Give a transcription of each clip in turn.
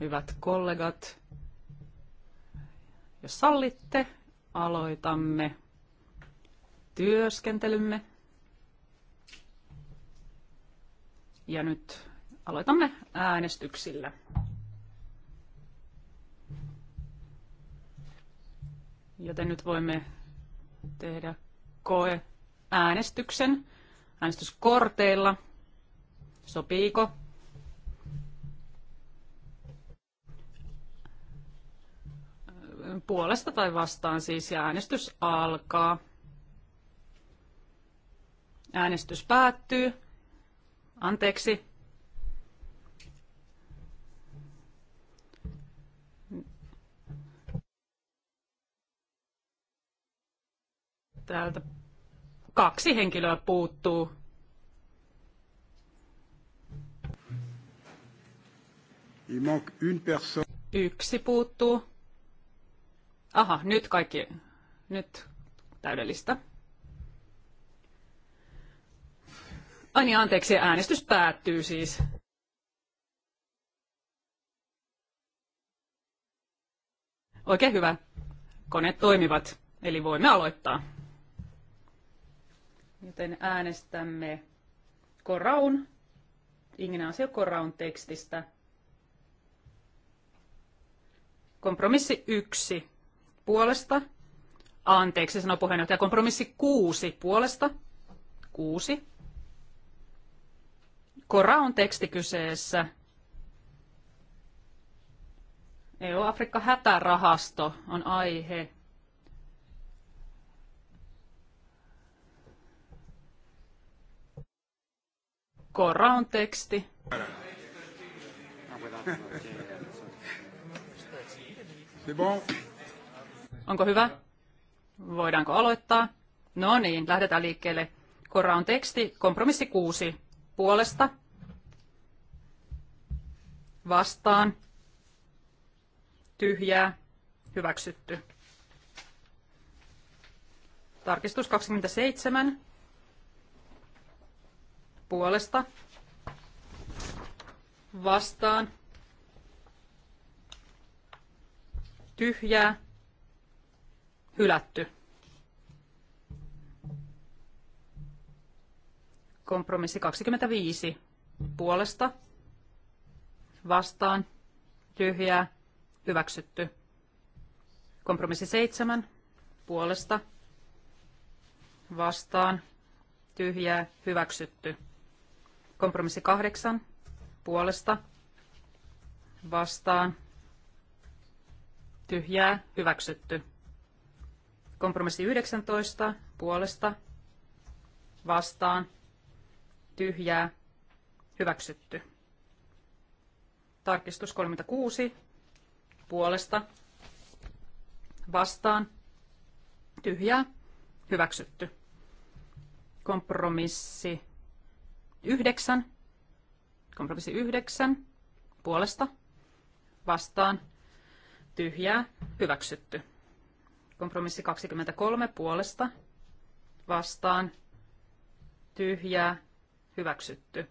Hyvät kollegat, jos sallitte, aloitamme työskentelymme. Ja nyt aloitamme äänestyksillä. Joten nyt voimme tehdä koe äänestyksen äänestyskorteilla. Sopiiko? puolesta tai vastaan siis ja äänestys alkaa. Äänestys päättyy. Anteeksi. Täältä kaksi henkilöä puuttuu. Yksi puuttuu. Aha, nyt kaikki, nyt täydellistä. Ai niin, anteeksi, äänestys päättyy siis. Oikein hyvä. Koneet toimivat, eli voimme aloittaa. Joten äänestämme Koraun, Ignacio Koraun tekstistä. Kompromissi yksi puolesta. Anteeksi, sanoi puheenjohtaja. Kompromissi kuusi puolesta. Kuusi. Kora on teksti kyseessä. EU-Afrikka-hätärahasto on aihe. Korra on teksti. C'est bon. Onko hyvä? Voidaanko aloittaa? No niin, lähdetään liikkeelle. Korra on teksti, kompromissi kuusi Puolesta. Vastaan. Tyhjää. Hyväksytty. Tarkistus 27. Puolesta. Vastaan. Tyhjää hylätty. Kompromissi 25 puolesta vastaan tyhjää hyväksytty. Kompromissi 7 puolesta vastaan tyhjää hyväksytty. Kompromissi 8 puolesta vastaan tyhjää hyväksytty. Kompromissi 19 puolesta vastaan tyhjää hyväksytty. Tarkistus 36 puolesta vastaan tyhjää hyväksytty. Kompromissi 9 kompromissi 9 puolesta vastaan tyhjää hyväksytty. Kompromissi 23 puolesta vastaan tyhjää hyväksytty.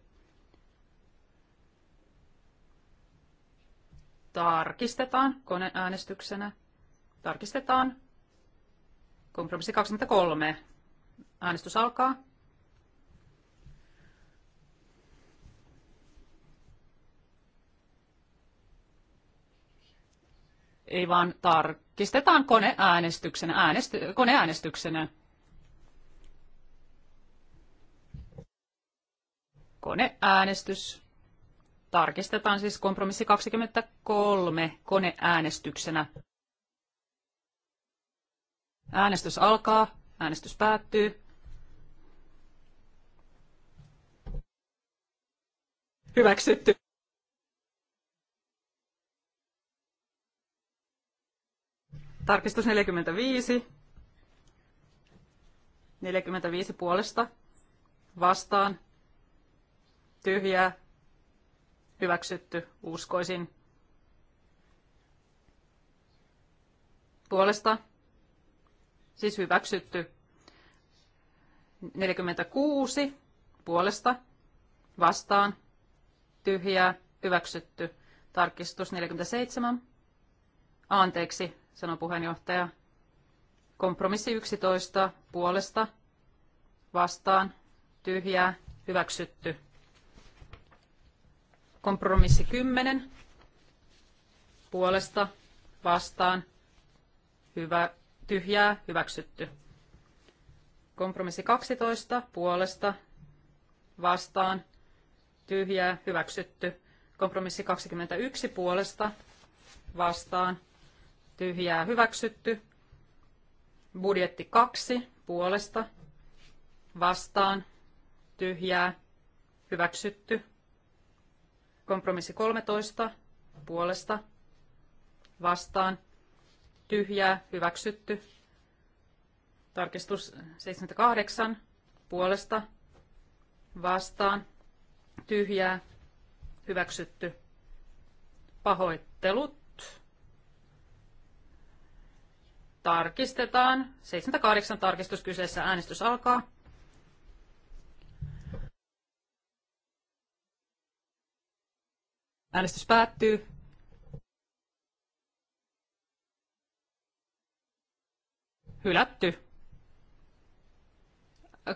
Tarkistetaan koneäänestyksenä. Tarkistetaan. Kompromissi 23. Äänestys alkaa. Ei vaan tar- tarkistetaan koneäänestyksenä. Äänesty, koneäänestyksenä. Koneäänestys. Tarkistetaan siis kompromissi 23 koneäänestyksenä. Äänestys alkaa, äänestys päättyy. Hyväksytty. Tarkistus 45. 45 puolesta vastaan tyhjää hyväksytty uskoisin puolesta siis hyväksytty 46 puolesta vastaan tyhjää hyväksytty tarkistus 47 anteeksi sanoi puheenjohtaja. Kompromissi 11 puolesta vastaan tyhjää hyväksytty. Kompromissi 10 puolesta vastaan hyvä, tyhjää hyväksytty. Kompromissi 12 puolesta vastaan tyhjää hyväksytty. Kompromissi 21 puolesta vastaan tyhjää hyväksytty. Budjetti 2 puolesta vastaan tyhjää hyväksytty. Kompromissi 13 puolesta vastaan tyhjää hyväksytty. Tarkistus 78 puolesta vastaan tyhjää hyväksytty. Pahoittelut Tarkistetaan. 78 tarkistus kyseessä. Äänestys alkaa. Äänestys päättyy. Hylätty.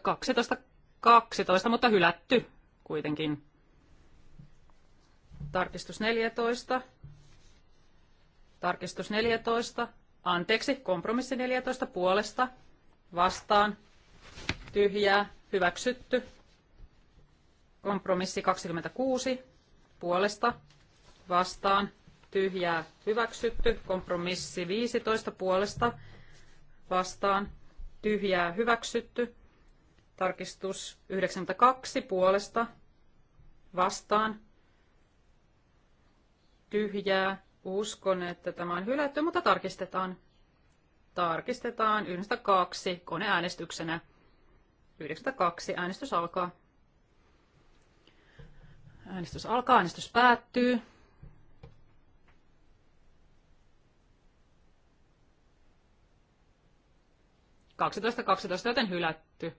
12, 12, mutta hylätty kuitenkin. Tarkistus 14. Tarkistus 14. Anteeksi, kompromissi 14 puolesta vastaan tyhjää hyväksytty. Kompromissi 26 puolesta vastaan tyhjää hyväksytty. Kompromissi 15 puolesta vastaan tyhjää hyväksytty. Tarkistus 92 puolesta vastaan tyhjää Uskon, että tämä on hylätty, mutta tarkistetaan. Tarkistetaan 92 koneäänestyksenä. 92 äänestys alkaa. Äänestys alkaa, äänestys päättyy. Kaksitoista, kaksitoista, joten hylätty.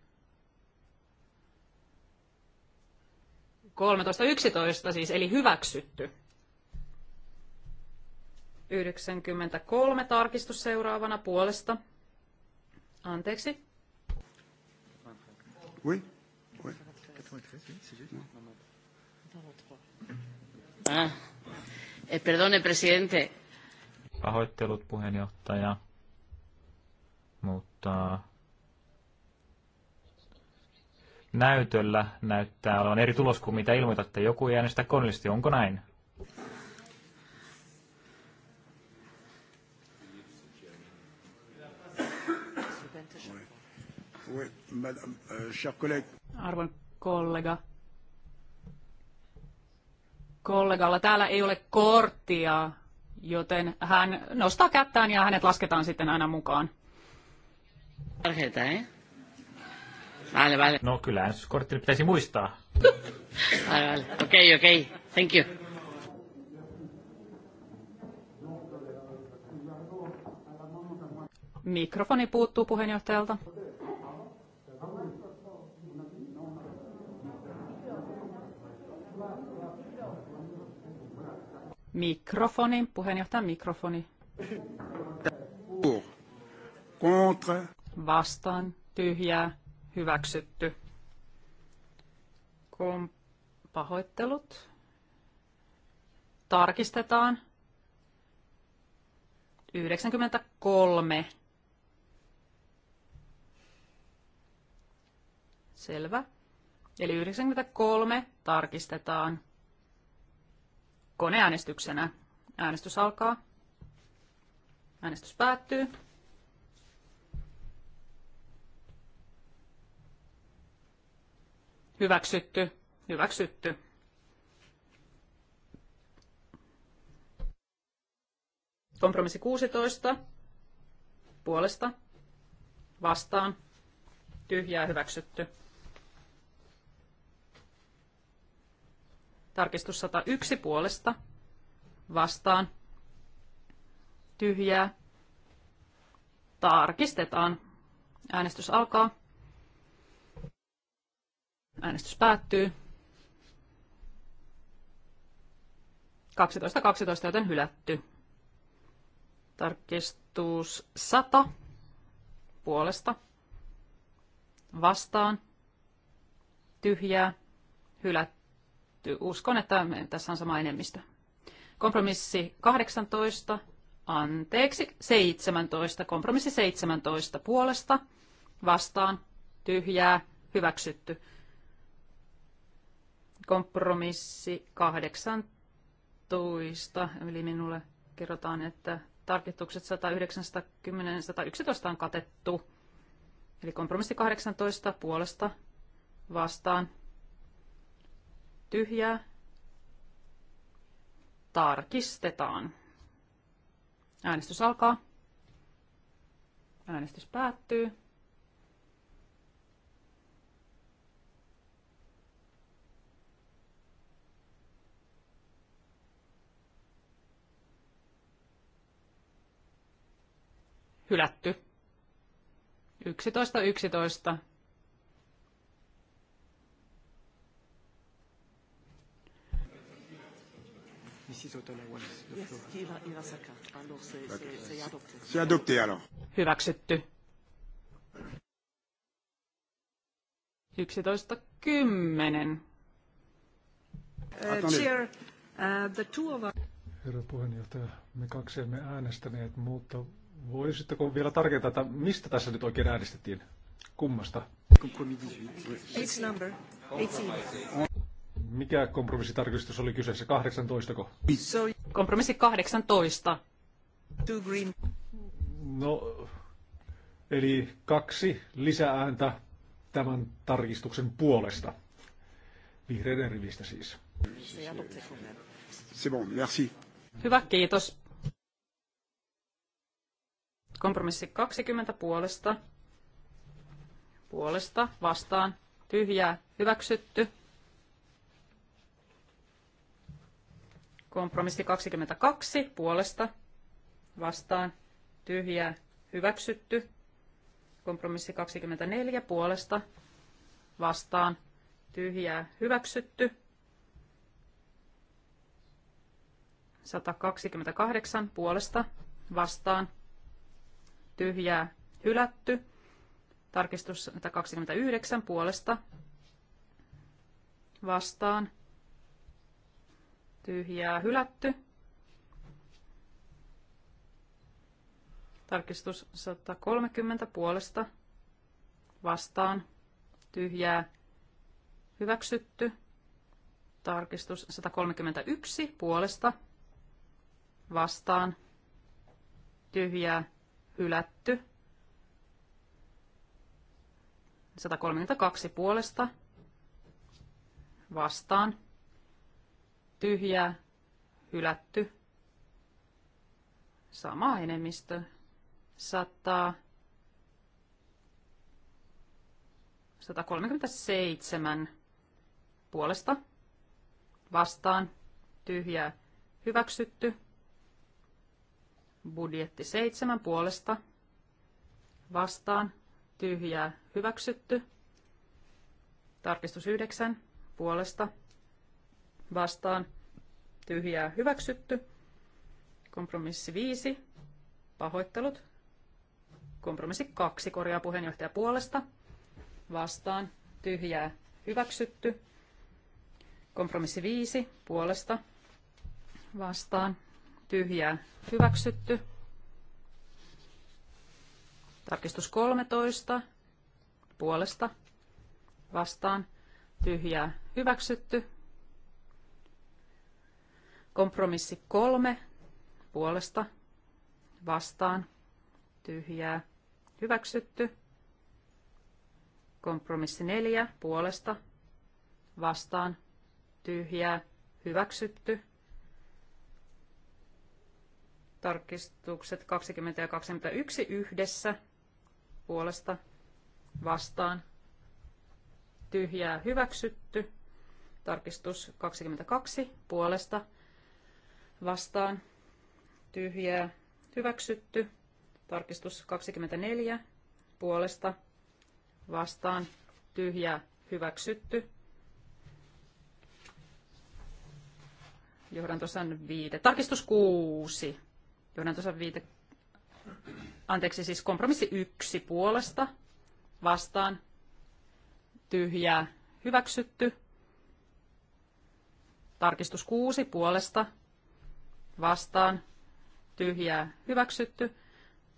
yksitoista siis, eli hyväksytty. 93 tarkistus seuraavana puolesta. Anteeksi. Oui. oui. Ah. Eh, perdone, presidente. Pahoittelut, puheenjohtaja. Mutta näytöllä näyttää olevan eri tulos kuin mitä ilmoitatte. Joku ei äänestä Onko näin? Oui, madame, euh, Arvon kollega. Kollegalla täällä ei ole korttia, joten hän nostaa kättään ja hänet lasketaan sitten aina mukaan. Eh? Vale, vale. No kyllä, kortti pitäisi muistaa. vale, vale. Okei, okay, okei. Okay. Thank you. Mikrofoni puuttuu puheenjohtajalta. mikrofoni, puheenjohtajan mikrofoni. Contre. Vastaan, tyhjää, hyväksytty. Kom- pahoittelut. Tarkistetaan. 93. Selvä. Eli 93 tarkistetaan koneäänestyksenä. Äänestys alkaa. Äänestys päättyy. Hyväksytty. Hyväksytty. Kompromissi 16. Puolesta. Vastaan. Tyhjää hyväksytty. Tarkistus 101 puolesta vastaan. Tyhjää. Tarkistetaan. Äänestys alkaa. Äänestys päättyy. 12, 12, joten hylätty. Tarkistus 100 puolesta. Vastaan. Tyhjää. Hylätty hyväksytty. Uskon, että tässä on sama enemmistö. Kompromissi 18, anteeksi, 17, kompromissi 17 puolesta, vastaan, tyhjää, hyväksytty. Kompromissi 18, eli minulle kerrotaan, että tarkistukset 190 111 on katettu. Eli kompromissi 18 puolesta vastaan tyhjää. Tarkistetaan. Äänestys alkaa. Äänestys päättyy. Hylätty. 11.11. 11. Se adopté alors. Hyväksytty. 11.10. Äh, Chair, äh, Herra puheenjohtaja, me kaksi emme äänestäneet, mutta voisitteko vielä tarkentaa, että mistä tässä nyt oikein äänestettiin? Kummasta? Kompromis It's number 18. Mikä kompromissitarkistus oli kyseessä? 18 ko? Kompromissi 18. Two green. No, eli kaksi lisäääntä tämän tarkistuksen puolesta. Vihreiden rivistä siis. C'est bon, merci. Hyvä, kiitos. Kompromissi 20 puolesta. Puolesta, vastaan, tyhjää, hyväksytty. Kompromissi 22 puolesta vastaan tyhjää hyväksytty. Kompromissi 24 puolesta vastaan tyhjää hyväksytty. 128 puolesta vastaan tyhjää hylätty. Tarkistus 129 puolesta vastaan tyhjää hylätty. Tarkistus 130 puolesta vastaan tyhjää hyväksytty. Tarkistus 131 puolesta vastaan tyhjää hylätty. 132 puolesta vastaan tyhjä, hylätty. Sama enemmistö. sattaa. 137 puolesta vastaan tyhjä, hyväksytty. Budjetti 7 puolesta vastaan tyhjä, hyväksytty. Tarkistus 9 puolesta vastaan tyhjää hyväksytty. Kompromissi 5 pahoittelut. Kompromissi 2 korjaa puheenjohtaja puolesta vastaan tyhjää hyväksytty. Kompromissi 5 puolesta vastaan tyhjää hyväksytty. Tarkistus 13 puolesta vastaan tyhjää hyväksytty. Kompromissi kolme puolesta vastaan tyhjää hyväksytty. Kompromissi neljä puolesta vastaan tyhjää hyväksytty. Tarkistukset 20 ja 21 yhdessä puolesta vastaan tyhjää hyväksytty. Tarkistus 22 puolesta vastaan tyhjää hyväksytty. Tarkistus 24 puolesta vastaan tyhjää hyväksytty. Johdantosan viite. Tarkistus 6. Johdantosan viite. Anteeksi, siis kompromissi yksi puolesta vastaan tyhjää hyväksytty. Tarkistus 6 puolesta vastaan, tyhjää, hyväksytty.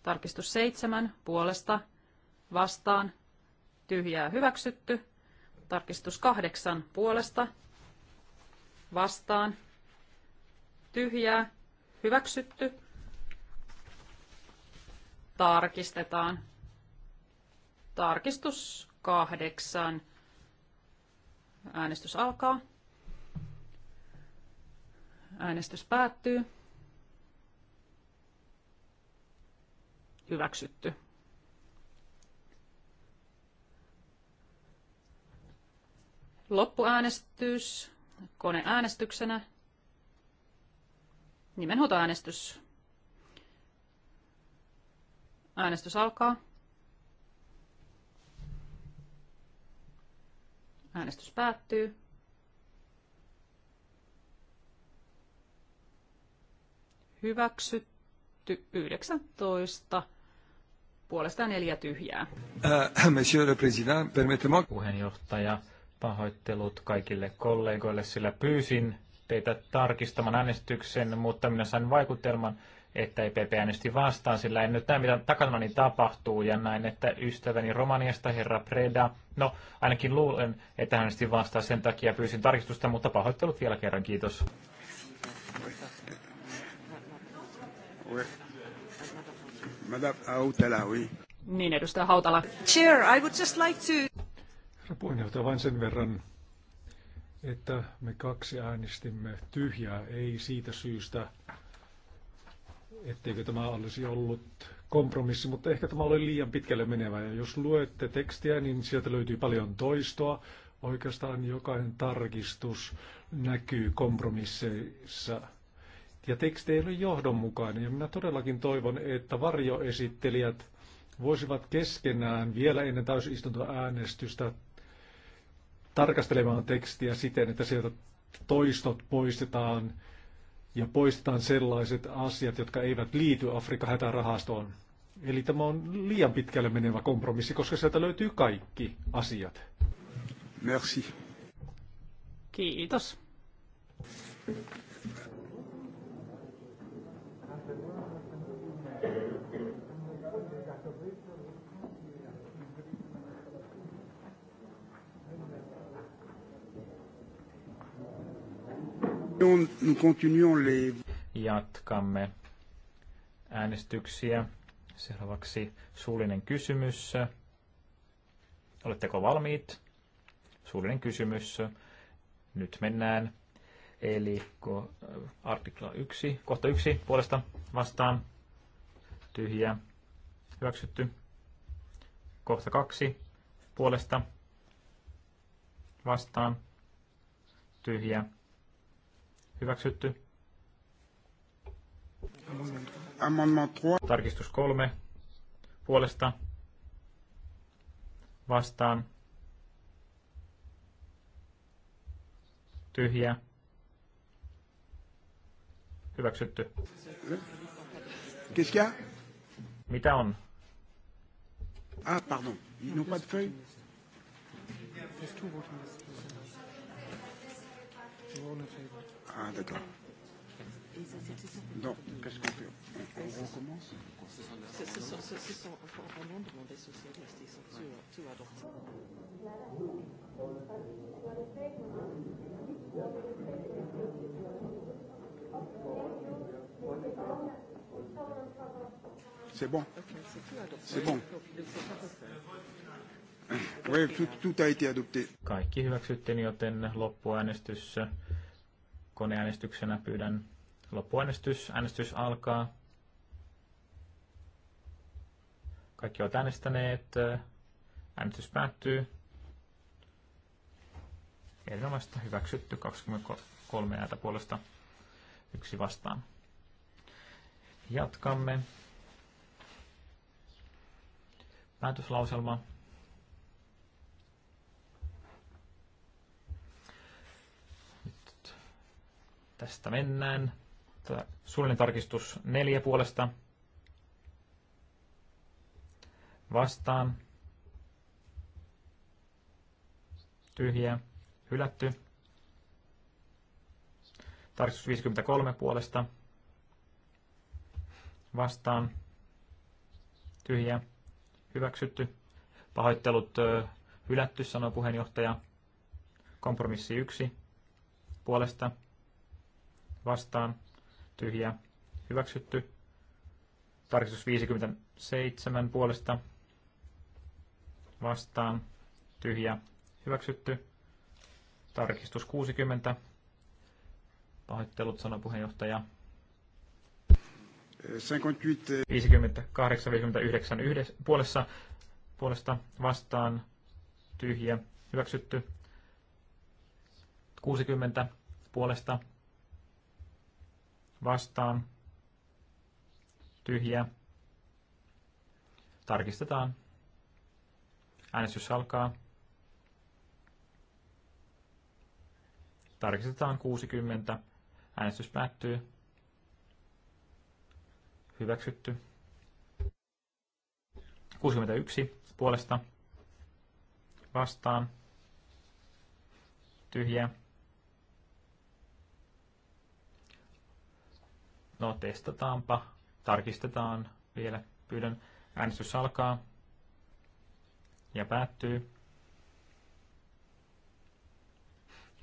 Tarkistus 7 puolesta, vastaan, tyhjää, hyväksytty. Tarkistus 8 puolesta, vastaan, tyhjää, hyväksytty. Tarkistetaan. Tarkistus 8. Äänestys alkaa. Äänestys päättyy. Hyväksytty. Loppuäänestys koneäänestyksenä. Nimenhuutoäänestys. Äänestys alkaa. Äänestys päättyy. hyväksytty 19 puolesta neljä tyhjää. Äh, monsieur le président, permettez-moi. Puheenjohtaja, pahoittelut kaikille kollegoille, sillä pyysin teitä tarkistamaan äänestyksen, mutta minä sain vaikutelman, että EPP äänesti vastaan, sillä en nyt näe, mitä takana niin tapahtuu, ja näin, että ystäväni Romaniasta, herra Preda, no ainakin luulen, että hän äänesti vastaan, sen takia pyysin tarkistusta, mutta pahoittelut vielä kerran, kiitos. Madame Hautala, oui. Niin, edustaja Hautala. Chair, I would just like to... Herra puheenjohtaja, vain sen verran, että me kaksi äänestimme tyhjää, ei siitä syystä, etteikö tämä olisi ollut kompromissi, mutta ehkä tämä oli liian pitkälle menevä. Ja jos luette tekstiä, niin sieltä löytyy paljon toistoa. Oikeastaan jokainen tarkistus näkyy kompromisseissa ja teksti ei ole johdonmukainen. Ja minä todellakin toivon, että varjoesittelijät voisivat keskenään vielä ennen täysistuntoäänestystä tarkastelemaan tekstiä siten, että sieltä toistot poistetaan ja poistetaan sellaiset asiat, jotka eivät liity Afrikan hätärahastoon. Eli tämä on liian pitkälle menevä kompromissi, koska sieltä löytyy kaikki asiat. Merci. Kiitos. Jatkamme äänestyksiä. Seuraavaksi suullinen kysymys. Oletteko valmiit? Suullinen kysymys. Nyt mennään. Eli artikla 1, kohta 1 puolesta vastaan. Tyhjä. Hyväksytty. Kohta 2 puolesta vastaan. Tyhjä Hyväksytty. Tarkistus kolme. Puolesta. Vastaan. Tyhjä. Hyväksytty. quest Mitä on? Ah, pardon. Ils n'ont pas de feuille Just two voting lists. All in favor. Ah, d'accord. Non, qu'est-ce qu'on fait On recommence Ce sont, socialistes, ils sont tous adoptés. C'est bon. C'est bon. Oui, tout, tout a été adopté. Kaikki hyväksyttiin, joten loppuäänestys koneäänestyksenä pyydän loppuäänestys. Äänestys alkaa. Kaikki ovat äänestäneet. Äänestys päättyy. Erinomaista hyväksytty 23 ääntä puolesta yksi vastaan. Jatkamme. Päätöslauselma Tästä mennään. Suullinen tarkistus neljä puolesta. Vastaan. Tyhjä. Hylätty. Tarkistus 53 puolesta. Vastaan. Tyhjä. Hyväksytty. Pahoittelut hylätty, sanoo puheenjohtaja. Kompromissi 1 puolesta vastaan, tyhjä hyväksytty. Tarkistus 57 puolesta vastaan, tyhjä hyväksytty. Tarkistus 60. Pahoittelut, sanoi puheenjohtaja. 58-59 puolessa, puolesta vastaan tyhjä hyväksytty. 60 puolesta vastaan, tyhjä. Tarkistetaan. Äänestys alkaa. Tarkistetaan 60. Äänestys päättyy. Hyväksytty. 61 puolesta vastaan. Tyhjä. No testataanpa, tarkistetaan vielä. Pyydän äänestys alkaa ja päättyy.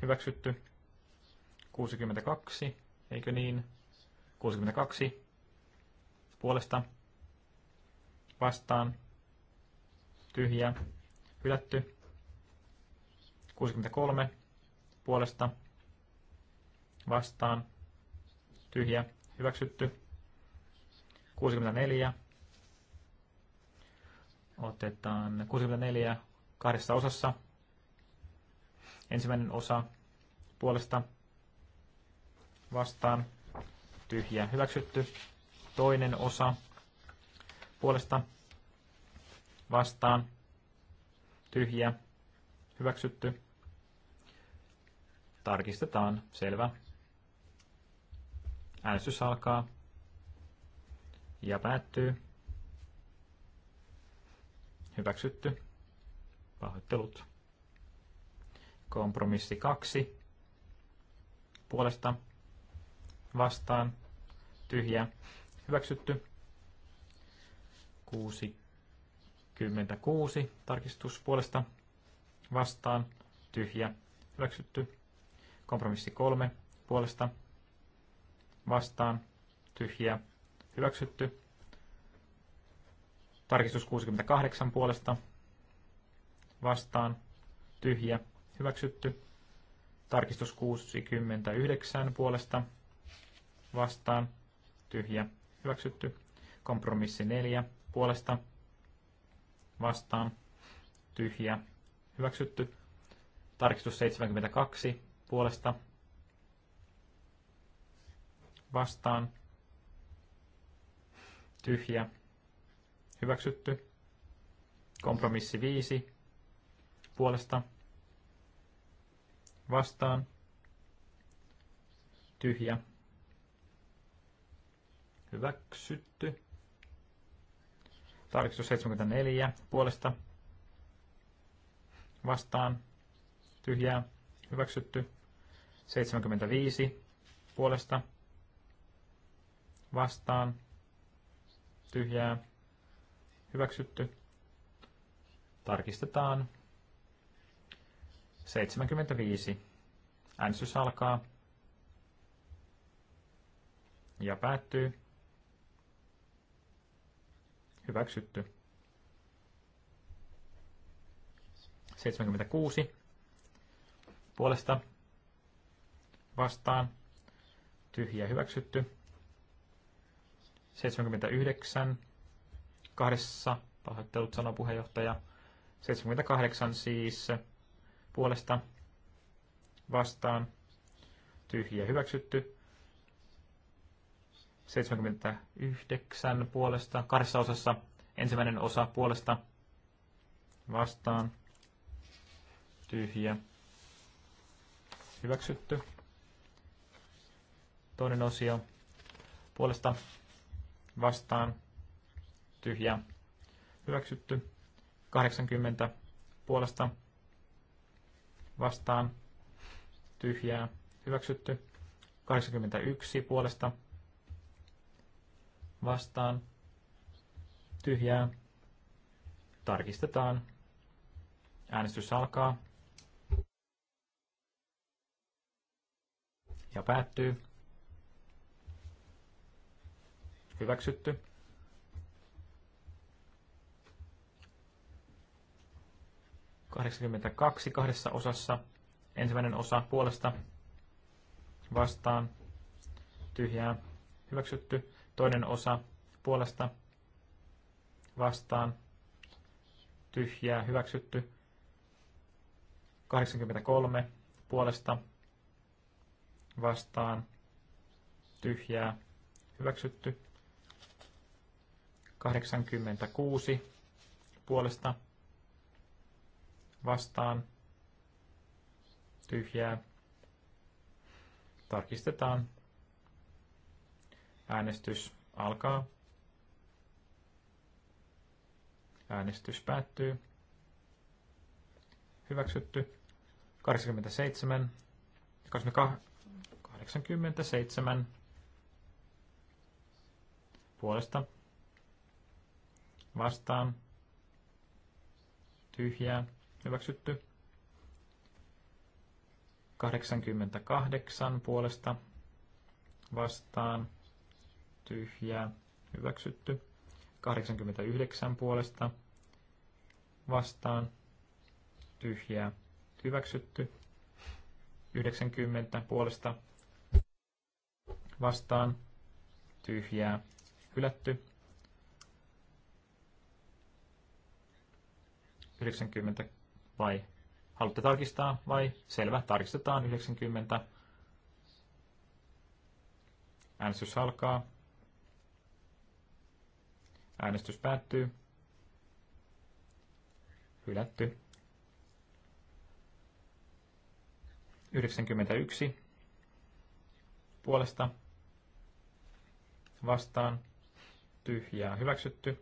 Hyväksytty. 62, eikö niin? 62 puolesta vastaan tyhjä hylätty. 63 puolesta vastaan tyhjä hyväksytty. 64 otetaan 64 kahdessa osassa. Ensimmäinen osa puolesta vastaan tyhjä hyväksytty. Toinen osa puolesta vastaan tyhjä hyväksytty. Tarkistetaan, selvä. Äänestys alkaa ja päättyy. Hyväksytty. Pahoittelut. Kompromissi 2. Puolesta. Vastaan. Tyhjä. Hyväksytty. 66. Tarkistus puolesta. Vastaan. Tyhjä. Hyväksytty. Kompromissi 3. Puolesta vastaan, tyhjä, hyväksytty. Tarkistus 68 puolesta, vastaan, tyhjä, hyväksytty. Tarkistus 69 puolesta, vastaan, tyhjä, hyväksytty. Kompromissi 4 puolesta, vastaan, tyhjä, hyväksytty. Tarkistus 72 puolesta, vastaan, tyhjä, hyväksytty. Kompromissi 5 puolesta vastaan, tyhjä, hyväksytty. Tarkistus 74 puolesta vastaan, tyhjää, hyväksytty. 75 puolesta vastaan, tyhjää, hyväksytty. Tarkistetaan. 75. Äänestys alkaa. Ja päättyy. Hyväksytty. 76. Puolesta vastaan. Tyhjä hyväksytty. 79 kahdessa, pahoittelut sanoo puheenjohtaja, 78 siis puolesta vastaan, tyhjä hyväksytty, 79 puolesta, kahdessa osassa, ensimmäinen osa puolesta vastaan, tyhjä, hyväksytty, toinen osio puolesta vastaan, tyhjää, hyväksytty. 80 puolesta vastaan, tyhjää, hyväksytty. 81 puolesta vastaan, tyhjää, tarkistetaan. Äänestys alkaa ja päättyy. Hyväksytty. Kahdeksankymmentäkaksi kahdessa osassa. Ensimmäinen osa puolesta vastaan. Tyhjää. Hyväksytty. Toinen osa puolesta vastaan. Tyhjää. Hyväksytty. 83 puolesta vastaan tyhjää hyväksytty. 86 puolesta vastaan tyhjää. Tarkistetaan. Äänestys alkaa. Äänestys päättyy. Hyväksytty. 87. 87 puolesta vastaan, tyhjää, hyväksytty. 88 puolesta vastaan, tyhjää, hyväksytty. 89 puolesta vastaan, tyhjää, hyväksytty. 90 puolesta vastaan, tyhjää, hylätty. 90 vai haluatte tarkistaa vai selvä, tarkistetaan 90. Äänestys alkaa. Äänestys päättyy. Hylätty. 91 puolesta vastaan tyhjää hyväksytty.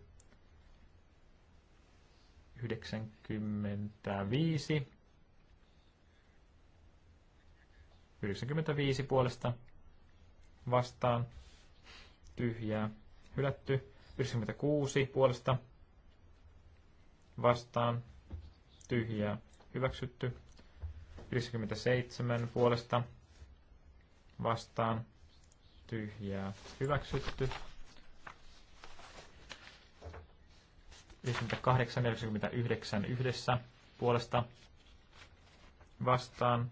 95. 95 puolesta vastaan. Tyhjää. Hylätty. 96 puolesta vastaan. Tyhjää. Hyväksytty. 97 puolesta vastaan. Tyhjää. Hyväksytty. 58, 49 yhdessä puolesta vastaan.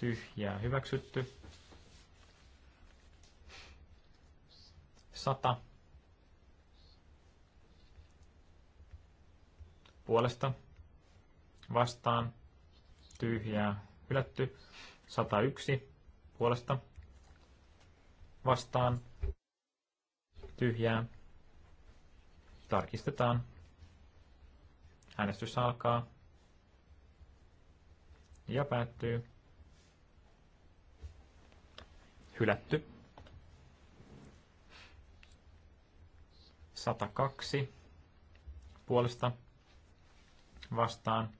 Tyhjää hyväksytty. 100 puolesta vastaan. Tyhjää hylätty. 101 puolesta vastaan. Tyhjää Tarkistetaan. Äänestys alkaa. Ja päättyy. Hylätty. 102 puolesta vastaan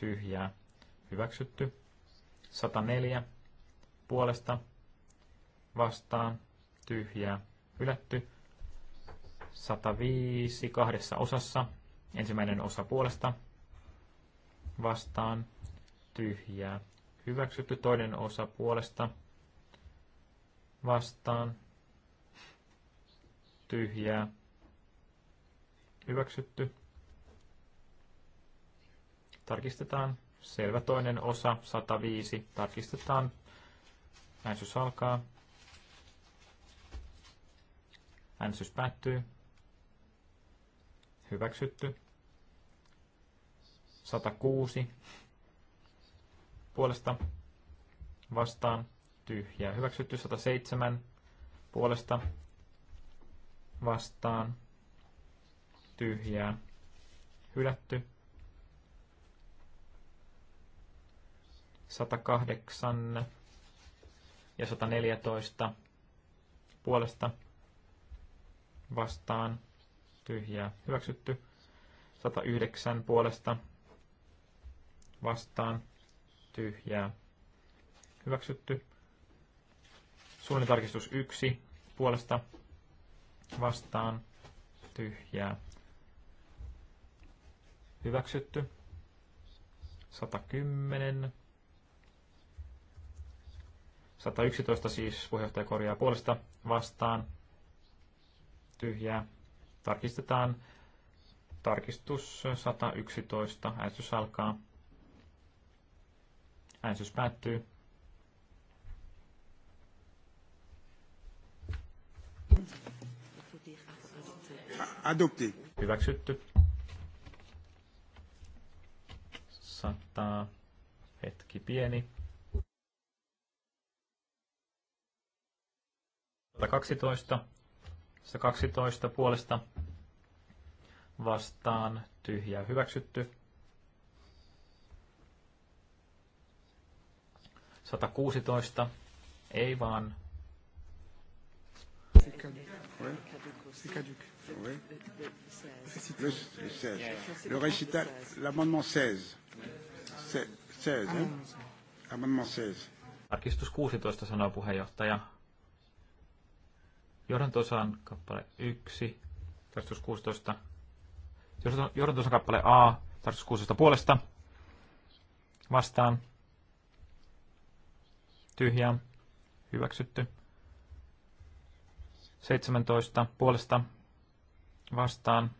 tyhjää hyväksytty. 104 puolesta vastaan tyhjää hylätty. 105 kahdessa osassa. Ensimmäinen osa puolesta vastaan tyhjää. Hyväksytty toinen osa puolesta vastaan tyhjää. Hyväksytty. Tarkistetaan. Selvä toinen osa, 105. Tarkistetaan. Äänsys alkaa. Äänsys päättyy. Hyväksytty. 106 puolesta vastaan tyhjää. Hyväksytty 107 puolesta vastaan tyhjää. Hylätty 108 ja 114 puolesta vastaan tyhjää hyväksytty. 109 puolesta vastaan tyhjää hyväksytty. Suullinen tarkistus 1 puolesta vastaan tyhjää hyväksytty. 110 111 siis puheenjohtaja korjaa puolesta vastaan. Tyhjää. Tarkistetaan tarkistus 111. Äänestys alkaa. Äänestys päättyy. Adopti. Hyväksytty. 100. Hetki pieni. 112 12 puolesta vastaan tyhjää hyväksytty. 116 ei vaan. Le récital, l'amendement 16. 16, hein? Amendement 16. Tarkistus 16 sanoo puheenjohtaja. Johdantosan kappale 1, tarkistus 16. Johdantosan kappale A, tarkistus 16 puolesta. Vastaan. Tyhjä. Hyväksytty. 17 puolesta. Vastaan.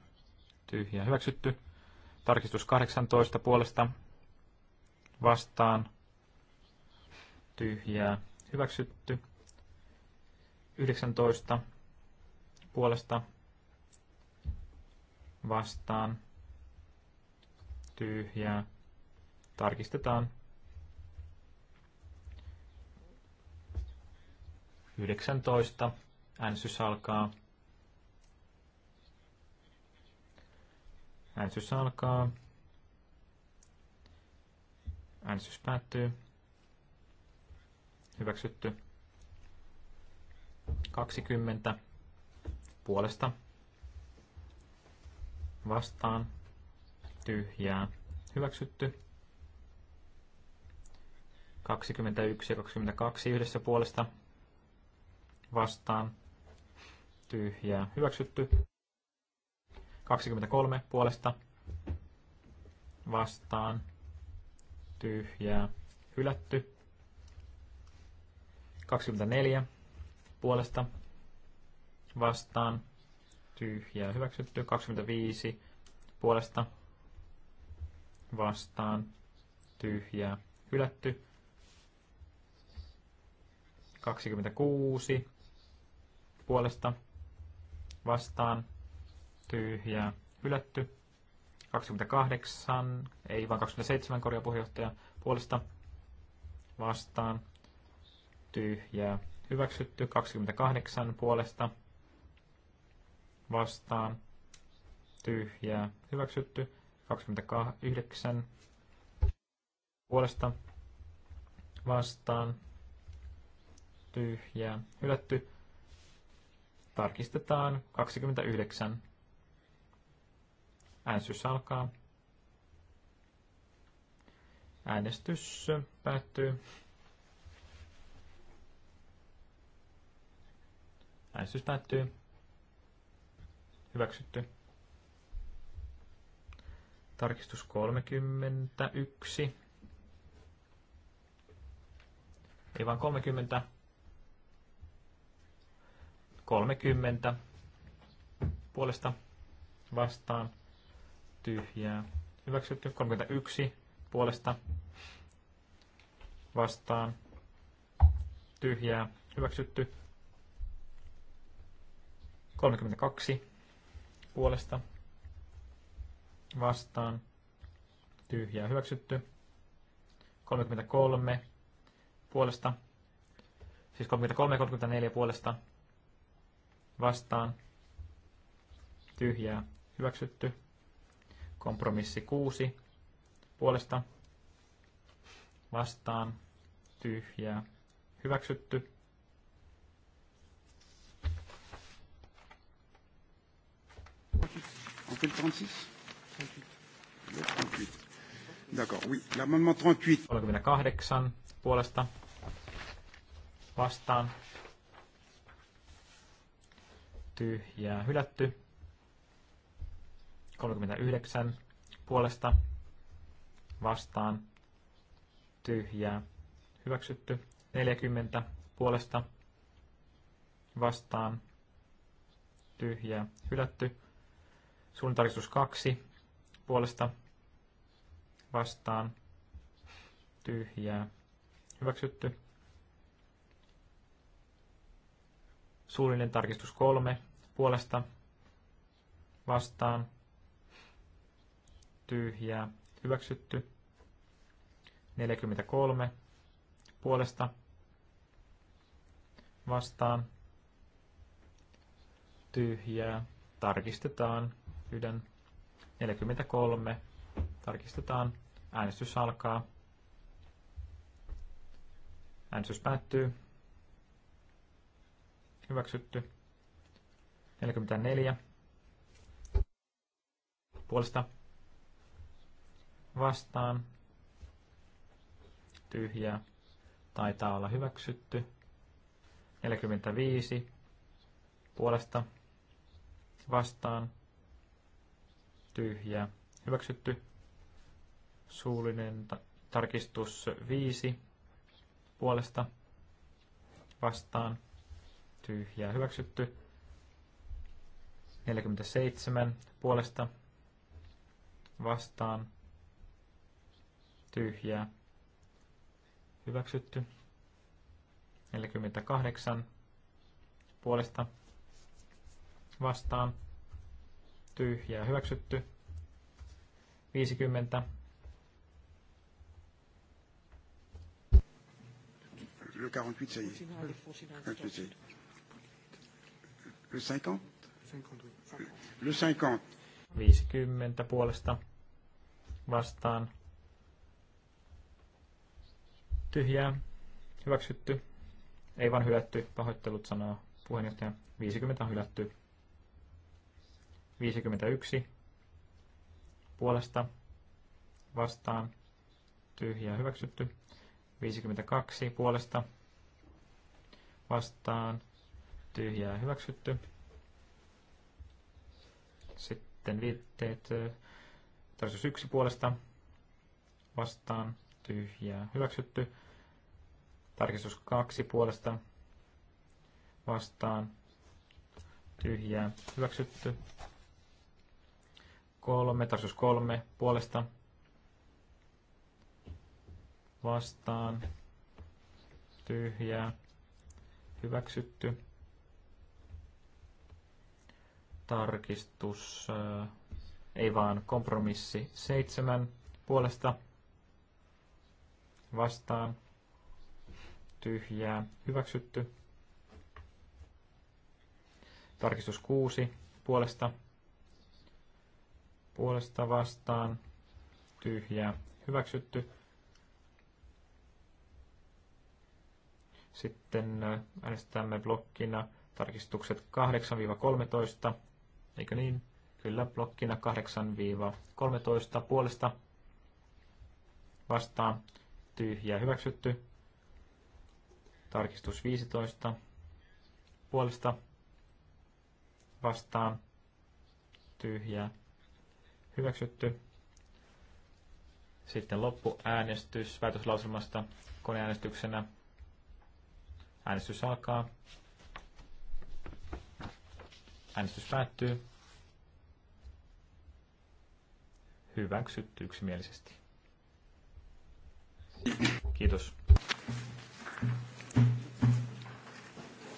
Tyhjä. Hyväksytty. Tarkistus 18 puolesta. Vastaan. Tyhjää. Hyväksytty. 19 puolesta vastaan tyhjää. Tarkistetaan. 19. Äänestys alkaa. Äänestys alkaa. Äänestys päättyy. Hyväksytty. 20 puolesta vastaan tyhjää hyväksytty. 21 ja 22 yhdessä puolesta vastaan tyhjää hyväksytty. 23 puolesta vastaan tyhjää hylätty. 24 puolesta vastaan tyhjää hyväksytty. 25 puolesta vastaan tyhjää hylätty. 26 puolesta vastaan tyhjää hylätty. 28, ei vaan 27 korjapuheenjohtaja puolesta vastaan tyhjää hyväksytty 28 puolesta vastaan tyhjää hyväksytty 29 puolesta vastaan tyhjää hylätty tarkistetaan 29 äänestys alkaa äänestys päättyy Äänestys päättyy. Hyväksytty. Tarkistus 31. Ei vaan 30. 30. Puolesta vastaan. Tyhjää. Hyväksytty. 31. Puolesta vastaan. Tyhjää. Hyväksytty. 32 puolesta vastaan tyhjää hyväksytty. 33 puolesta, siis 33 ja 34 puolesta vastaan tyhjää hyväksytty. Kompromissi 6 puolesta vastaan tyhjää hyväksytty. C'était le 36 D'accord, oui. L'amendement 38. 38 puolesta vastaan. Tyhjää hylätty. 39 puolesta vastaan. Tyhjää hyväksytty. 40 puolesta vastaan. Tyhjää hylätty. Suunnin 2 puolesta vastaan tyhjää hyväksytty. Suullinen tarkistus 3 puolesta vastaan tyhjää hyväksytty. 43 puolesta vastaan tyhjää tarkistetaan pyydän. 43. Tarkistetaan. Äänestys alkaa. Äänestys päättyy. Hyväksytty. 44. Puolesta. Vastaan. Tyhjää. Taitaa olla hyväksytty. 45. Puolesta. Vastaan tyhjä hyväksytty. Suullinen ta- tarkistus 5 puolesta vastaan Tyhjä. hyväksytty. 47 puolesta vastaan tyhjä hyväksytty. 48 puolesta vastaan tyhjää hyväksytty. 50. Le 48, ça y est. Le 50 Le 50. 50 puolesta vastaan. Tyhjää. Hyväksytty. Ei vaan hylätty. Pahoittelut sanoo puheenjohtaja. 50 on hylätty. 51 puolesta vastaan tyhjää hyväksytty. 52 puolesta vastaan tyhjää hyväksytty. Sitten viitteet tarkoitus 1 puolesta vastaan tyhjää hyväksytty. Tarkistus 2 puolesta vastaan tyhjää hyväksytty kolme, tarkistus kolme puolesta vastaan, tyhjää, hyväksytty, tarkistus, äh, ei vaan kompromissi seitsemän puolesta vastaan, tyhjää, hyväksytty, tarkistus kuusi puolesta puolesta vastaan, tyhjää, hyväksytty. Sitten äh, äänestämme blokkina tarkistukset 8-13, eikö niin? Kyllä, blokkina 8-13 puolesta vastaan, tyhjää, hyväksytty. Tarkistus 15 puolesta vastaan, tyhjää, Hyväksytty. Sitten loppuäänestys päätöslauselmasta koneäänestyksenä. Äänestys alkaa. Äänestys päättyy. Hyväksytty yksimielisesti. Kiitos.